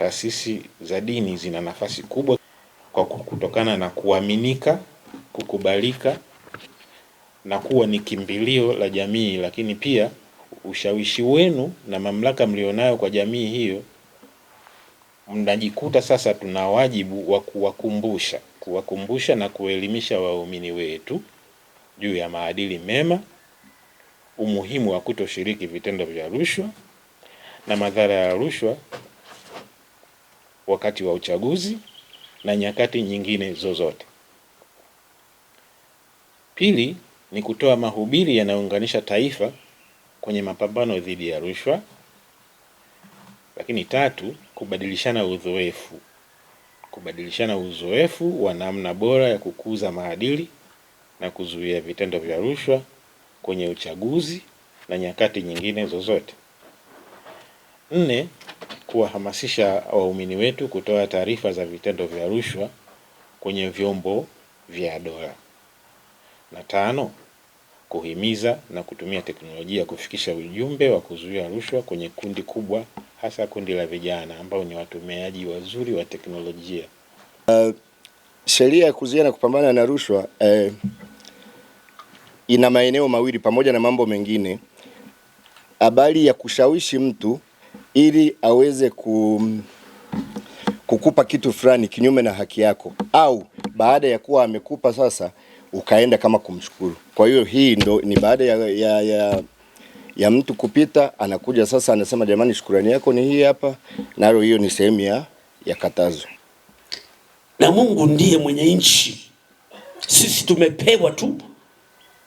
taasisi za dini zina nafasi kubwa kwa kutokana na kuaminika, kukubalika na kuwa ni kimbilio la jamii, lakini pia ushawishi wenu na mamlaka mlionayo kwa jamii hiyo, mnajikuta sasa tuna wajibu wa kuwakumbusha, kuwakumbusha na kuelimisha waumini wetu juu ya maadili mema, umuhimu wa kutoshiriki vitendo vya rushwa na madhara ya rushwa wakati wa uchaguzi na nyakati nyingine zozote. Pili ni kutoa mahubiri yanayounganisha taifa kwenye mapambano dhidi ya rushwa. Lakini tatu, kubadilishana uzoefu, kubadilishana uzoefu wa namna bora ya kukuza maadili na kuzuia vitendo vya rushwa kwenye uchaguzi na nyakati nyingine zozote. Nne, kuwahamasisha waumini wetu kutoa taarifa za vitendo vya rushwa kwenye vyombo vya dola. Na tano, kuhimiza na kutumia teknolojia kufikisha ujumbe wa kuzuia rushwa kwenye kundi kubwa, hasa kundi la vijana ambao ni watumiaji wazuri wa teknolojia. Uh, sheria ya kuzuia na kupambana na rushwa eh, ina maeneo mawili pamoja na mambo mengine. Habari ya kushawishi mtu ili aweze kum, kukupa kitu fulani kinyume na haki yako, au baada ya kuwa amekupa sasa ukaenda kama kumshukuru. Kwa hiyo hii ndo ni baada ya, ya, ya, ya mtu kupita, anakuja sasa anasema jamani, shukurani yako ni hii hapa, nalo hiyo ni sehemu ya, ya katazo. Na Mungu ndiye mwenye nchi, sisi tumepewa tu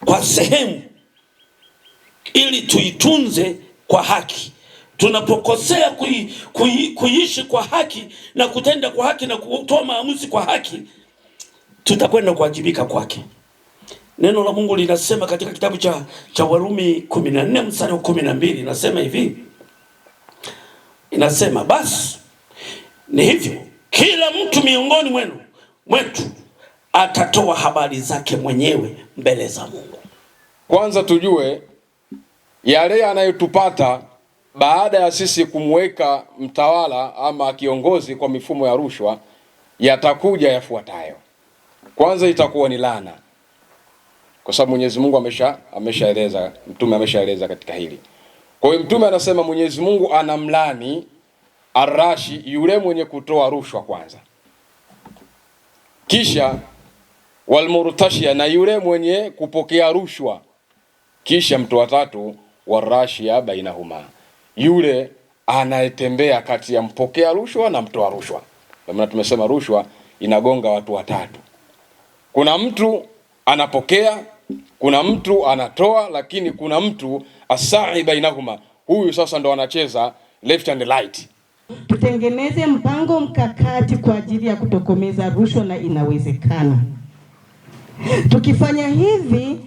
kwa sehemu, ili tuitunze kwa haki tunapokosea kuishi kui, kwa haki na kutenda kwa haki na kutoa maamuzi kwa haki, tutakwenda kuwajibika kwake. Neno la Mungu linasema katika kitabu cha, cha Warumi 14 mstari wa 12 inasema hivi, inasema basi ni hivyo, kila mtu miongoni mwenu mwetu atatoa habari zake mwenyewe mbele za Mungu. Kwanza tujue yale yanayotupata baada ya sisi kumweka mtawala ama kiongozi kwa mifumo ya rushwa, yatakuja yafuatayo. Kwanza itakuwa ni laana, kwa sababu Mwenyezi Mungu amesha ameshaeleza, mtume ameshaeleza katika hili. Kwa hiyo mtume anasema Mwenyezi Mungu anamlani arashi yule mwenye kutoa rushwa kwanza, kisha walmurtashia, na yule mwenye kupokea rushwa, kisha mtu wa tatu warashia bainahuma yule anayetembea kati ya mpokea rushwa na mtoa rushwa. Kwa maana tumesema rushwa inagonga watu watatu, kuna mtu anapokea, kuna mtu anatoa, lakini kuna mtu asai bainahuma. Huyu sasa ndo anacheza left and right. Tutengeneze mpango mkakati kwa ajili ya kutokomeza rushwa na inawezekana tukifanya hivi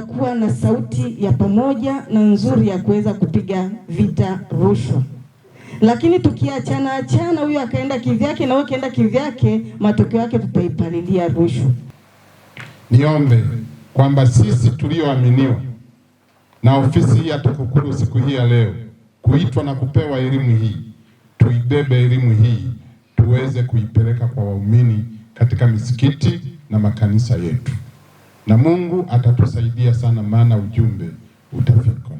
tutakuwa na sauti ya pamoja na nzuri ya kuweza kupiga vita rushwa. Lakini tukiachana achana, huyo akaenda kivyake na huyo akaenda kivyake, matokeo yake tutaipalilia rushwa. Niombe kwamba sisi tulioaminiwa na ofisi hii ya TAKUKURU siku hii ya leo kuitwa na kupewa elimu hii, tuibebe elimu hii tuweze kuipeleka kwa waumini katika misikiti na makanisa yetu na Mungu atatusaidia sana, maana ujumbe utafika.